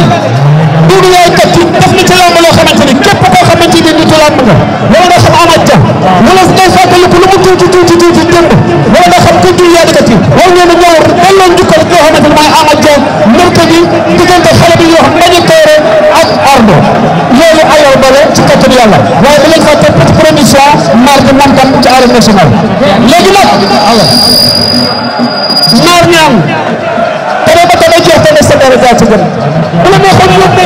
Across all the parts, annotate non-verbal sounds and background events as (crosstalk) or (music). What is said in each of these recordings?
Njaay Doudou Njaay kat def na ci lamb loo xamante ni képp koo xamante ni nitu lamb nga wala nga xam Amath Dia wala ngay fàttaliku lu mu tuuti tuuti tuuti démb wala nga xam kuntul yaa dëkkat yi war ngeen a ñëw delloo xale bi yoo xam ak ardo loolu ayoo bale ci kattan yàlla waaye bu leen fàtte petit premier soir mardi moom tam ci arène nationale léegi dara jaar ci gën bu la neexoon yoon ne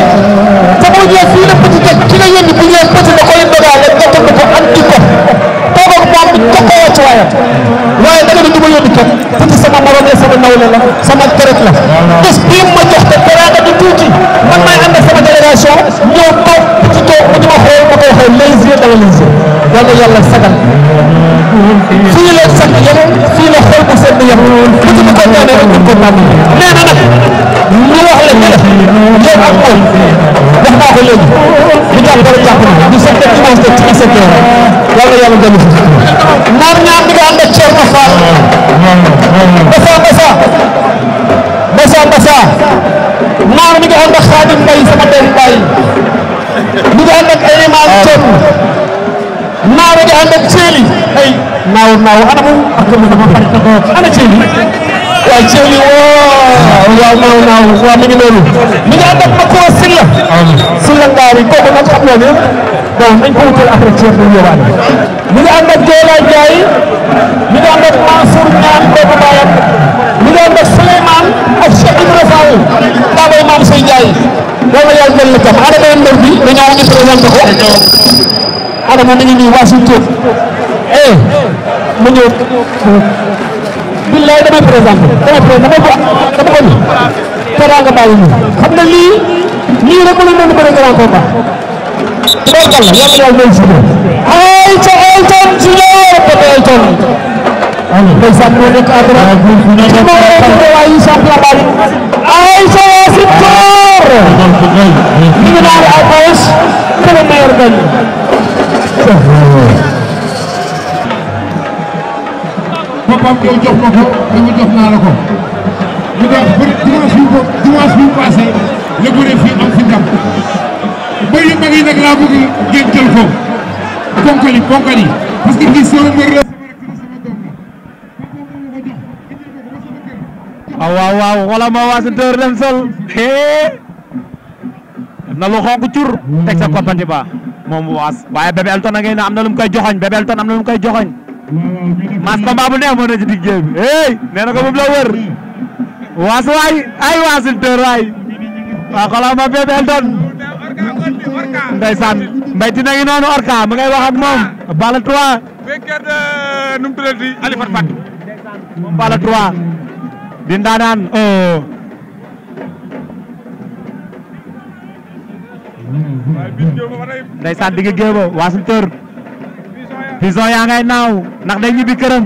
te boo ñëwee fii la petit teg ki la yónni bu ñëwee petit na koy dogal rek nga tëdd ko am ci ko toog ak moom bi ko ko wàcc waayam waaye da nga ne du ma yónni kenn petit sama morom la sama nawle la sama xarit la bés bii ma jox ko teraanga du tuuti man maay ànd ak sama délégation ñëw toog petit toog mu di ma xool ma koy xool les yeux dans les yeux yàlla yàlla sagal fii la sax yem fii la xool bu sedd yem petit bi ko ñaanee rek ñu ko tàmm nee na nag mu wax la ne la yow ak moom wax naa ko léegi bu jàppale jàpp na du seet ci moom ci secteur wala yàlla dem ci ñoom ñaar di nga ànd ak Thierno Fall Mbassa Mbassa Mbassa Mbassa ñaar di nga ànd ak Khadim Mbaye sama benn Mbaye di nga ànd ak ay imaam Thierno ñaar di ànd ak Thieli ay naaw naaw ana mu ak dama dama xarit ana Thieli waaw ceeb bi waaw waaw waaw waaw waaw mi ngi noonu. mi ngi ànd ak Makhura Sylla. Sylla Ndaari kooku nag xam naa ne bon nañ ko wutal après ceeb bi ñëwaat. mi ngi ànd ak Diola Ndiaye. mi ngi ànd ak Mansour Niane kooku baayam. mi ngi ànd ak Souleymane ak Cheikh Ibra Fall. Babay Maam Sey Ndiaye. loolu la yàlla jël na tam ana beneen mbir bi dañoo ñu présenté ko. ana mu ngi nii waa suñu tur. eh mu ñëw. wallaahi damay présenté damay présenté dama ko nii teraanga bàyyi ñu xam na lii lii rek mën nañu bëri grand combat loolu kan la yàlla yàlla may suñu ay ca Elton si ñëw ba tey Elton ndeysaan moo nekk adra ci moo nekk waaye yi sax la bari ay ca Yacine Thior ñu ngi naan ay Maos ñu ngi meilleur gagne ma Pape Diop jox ma ko li mu jox naa la ko ñu def bëri dimanche bi ko dimanche bi passé la bëree fii am fi ndam bëri mag yi nag laa bëgg ngeen jël ko ponkal yi ponkal yi parce que fii sama mbër la waaw ah, waaw waaw xoolal ma waa Sinthiou Rém Sol hee na lu xonk cur teg sa compagnie ba moom waas waaye Bébé Elton a ngi ne am na lu mu koy joxoñ Bébé Elton am na lu mu koy joxoñ. mas combat bu neex moo ne ci digg jéem hey nee na ko moom la wër waas waay ay waasul tër waay waaw ma bébé Elton ndeysaan mbay ti nangi noonu orka ma ngay wax moom bala trois béykat nu mu tuddati di ndaanaan oh ndeysaan Bison yaa ngay naaw ndax day ñibbi këram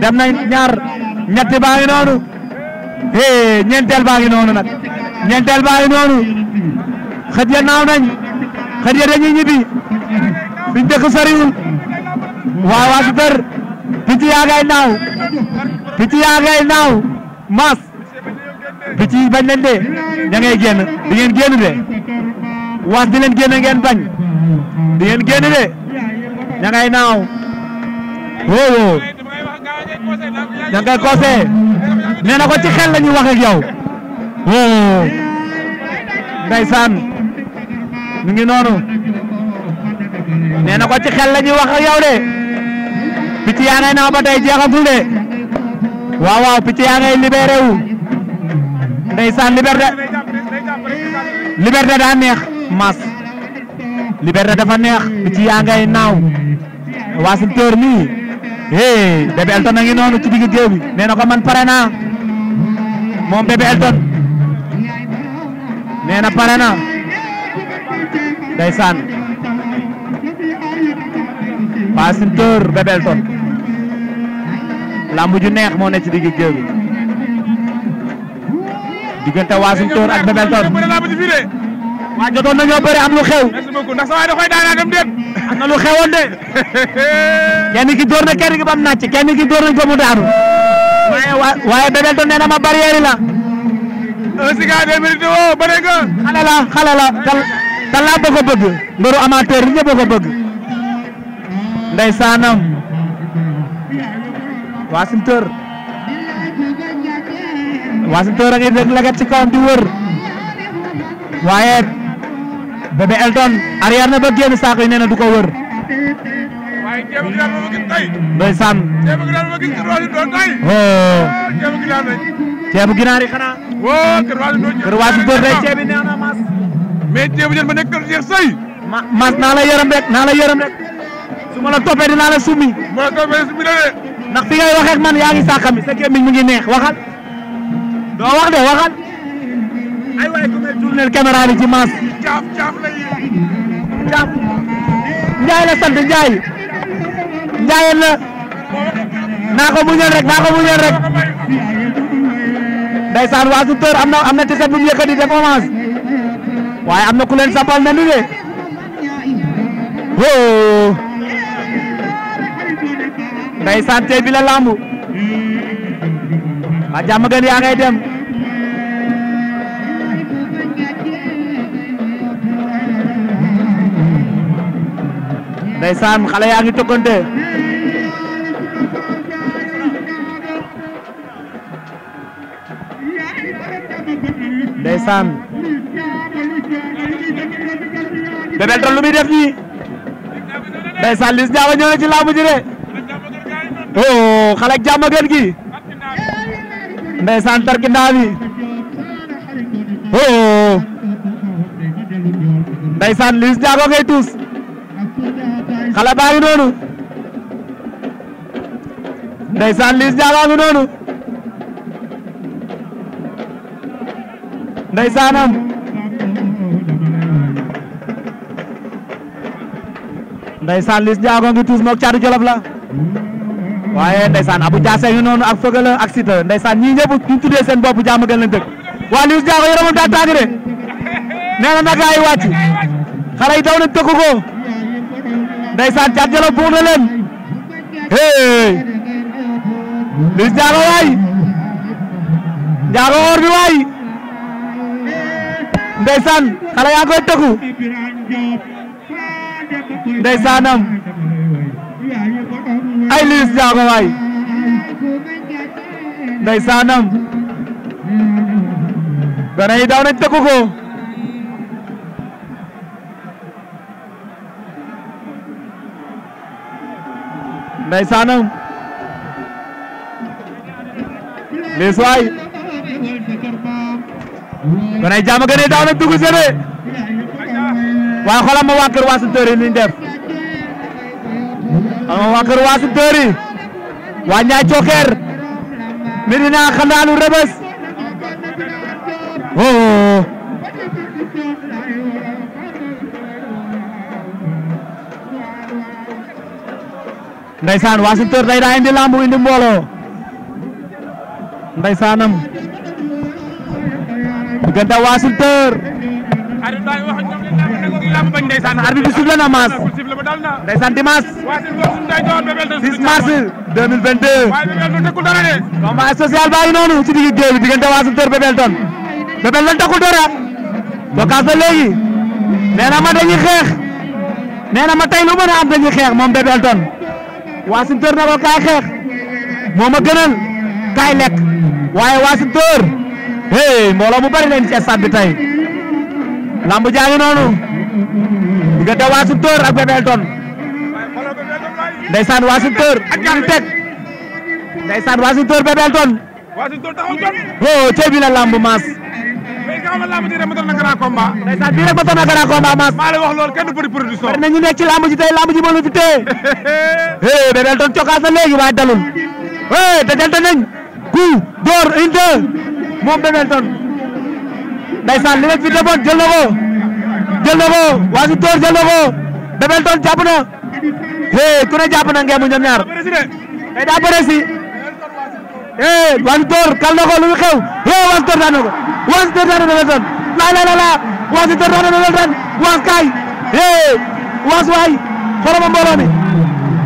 dem na ñaar ñetti baa ngi noonu hee ñeenteel baa ngi noonu nag ñeenteel baa ngi noonu xëj ya naaw nañ xëj ya dañuy ñibbi biñ dëkk soriwul waaw waa super picc yaa ngay naaw picc yaa ngay naaw mas picc yi bañ leen de ña di ngeen génn de was di leen génn ngeen bañ di ngeen génn de ña ngay naaw woowoo ña ngay conseillé nee na ko ci xel la ñuy wax ak yow woowoo ndeysaan mu ngi noonu nee na ko la ñuy wax ak de picc yaa ngay naaw ba tey jeexatul de waaw waaw picc yaa ngay libéré wu ndeysaan liberté liberté daa neex mas liberté dafa neex picc yaa ngay naaw Wassin Tóor mi hey bébé Elton a ngi noonu ci digg géew bi nee na ko man pare naa moom bébé Elton nee na pare na ndeysaan Wassin Tóor bébé Elton lamb ju neex moo ne ci digg géew bi diggante Wassin Tóor ak bébé Elton waa jotoon nañoo bëri am lu xew. merci beaucoup ndax saa am na lu (laughs) kenn ki door nañ ko mu daanu. waaye waaye ma barrière la. un cigare deux minutes woo bëri nga. xale la a bëgg. mbiru amateur yi a ko di wër. waaye. Bébé Elton arrière na ba génn saako yi nee a du ko wër. waaye jéem gi daal ma gis tey. ndeysaan. jéem gi daal oh. oh, oh, ma ceeb yi nee mas. ba nekk kër Cheikh naa la yërëm rek naa la yërëm rek. su ma la toppee dinaa la summi. ma ndax fi ngay waxee ak man yaa ngi sàqami sa gémmiñ mu ngi neex waxal. doo wax de waxal. ay waay ku mel ci mas. caaf caaf la yéegi. caaf Ndiaye la sant Ndiaye. Ndiaye la. rek naa ko muñal rek. ndeysaan waa Tuteur am na am na tiset bu mu yëkkati waaye am na ku leen sampal mel ni de. wóo. ndeysaan la lambu. a jàmm gën yaa ngay dem. ndeysaan xale yaa ngi tokkante ndeysaan Bébé Elton lu muy def nii ndeysaan Liss Ndiago ñëw na ci làmb ji de oh xale ak jàmm gën gi ndeysaan tarkindaa bi oh ndeysaan Liss Ndiago ngay xale baa ngi noonu ndeysaan Liss Ndiago a ngi noonu ndeysaanam ndeysaan Liss Ndiago ngi tuus moog caatu Jolof la waaye ndeysaan Abou Diassé ngi noonu ak Feugeule ak Siteu ndeysaan ñii ñëpp ñu tuddee seen bopp jàmm gën leen dëkk waa Liss Ndiago yaramam daa tàng de nee na nag ay wàcc xale yi daw ndeysaan Thiat Djolof buur na leen hey Liss Ndiago waay Ndiago or bi waay ndeysaan yaa koy tëggu ndeysaanam ay Liss Ndiago waay ndeysaanam gone yi daw nañ tëggu ko ndeysaanam liis waay gonay jaama gënay daaw nag dugg sede waaye xoolal ma waa kër Wassintor yi liñ def xoolal ma waa kër Wassintor yi waa ñaay cokkeer Medina xandaalu Rebeuss oh Ndeysaan Wassintor day daa indi lambu indi mbooloo Ndeysaanam diggante Wassintor. arbitre bi sifflé na Mass Ndeysaan Dimanche 6 mars 2022. combat social baa ngi noonu ci digg géew bi diggante Wassintor Bébelton Bébelton takkul dara bokkaas na léegi nee na ma dañuy xeex nee na ma tey lu mën a am dañuy xeex moom Bébelton. Wassintor na ko kaay xeex moo ma gënal kaay lekk waaye Wassintor hey mbooloo mu bari leen ci stade bi tey lamb jaa ngi noonu diggante Wassintor ak Bébé Elton ndeysaan Wassintor ak ñaari teg ndeysaan Wassintor Bébé Elton. Wassintor taxaw kon. Oh, woo la lamb maas. nga xamal lamb ji rek matal na grand combat. ndeysaan bii rek matal na grand combat Mass. maa la wax loolu kenn du bëri production. bari na ñu nekk ci lamb ji tey lamb ji moo fi téye. (laughs) hey mais dañu doon cokkaas na léegi waaye dalul. hey dajante nañ. coup door une deux. moom Bébelton. ndeysaan li leen fi defoon jël na ko. jël na ko waa si door jël na ko. Bébelton jàpp na. hey ku ne jàpp na ngeen mu ñoom ñaar. day daa bëre si. eh Wantor kal na ko lu mu xew eh Wantor daan na ko Wantor daan na Donaldson laa laa laa laa Wantor daan na Donaldson waas kaay eh waas waay xoolal ma mbooloo mi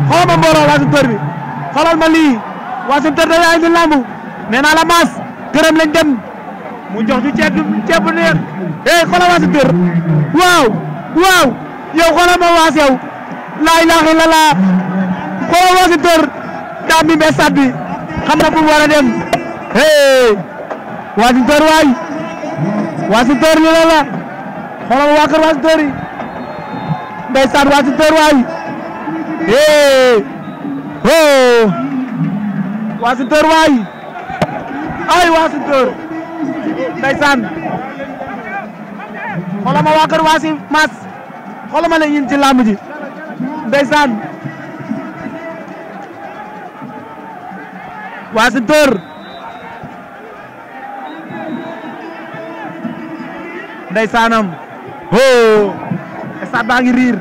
xoolal ma mbooloo Wantor bi xoolal ma lii Wantor da yaay di lambu nee naa la maas këram lañ dem mu jox ñu ceeb ceeb bu neex eh xoolal Wantor waaw waaw yow xoolal ma waas yow laa ilaaha illallaah xoolal Wantor daa mi mbéy sàbbi. xam na fu dem hey Wassintor waay Wassintor li la la xoolal waa kër Wassintor yi ndeysaan Wassintor waay hey oh Wassintor waay ma waa kër Wassi Mass ma la ñin ci làmb ji ndeysaan Wassi dóor ndeysaanam hoo stade baa ngi riir